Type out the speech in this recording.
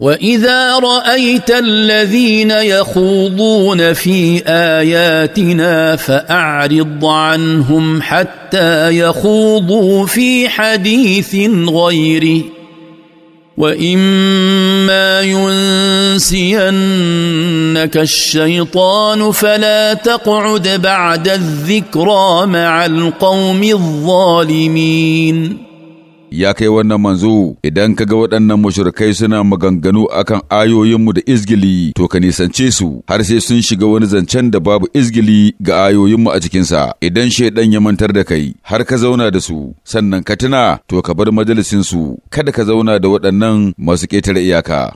واذا رايت الذين يخوضون في اياتنا فاعرض عنهم حتى يخوضوا في حديث غيره واما ينسينك الشيطان فلا تقعد بعد الذكرى مع القوم الظالمين ya kai wannan manzo idan ka ga waɗannan mushrikai suna maganganu akan ayoyinmu da izgili to ka nisance su har sai sun shiga wani zancen da babu izgili ga ayoyinmu a cikinsa idan shaidan ya mantar da kai har ka zauna da su sannan ka tuna to ka bar majalisinsu. kada ka zauna da waɗannan masu ƙetare iyaka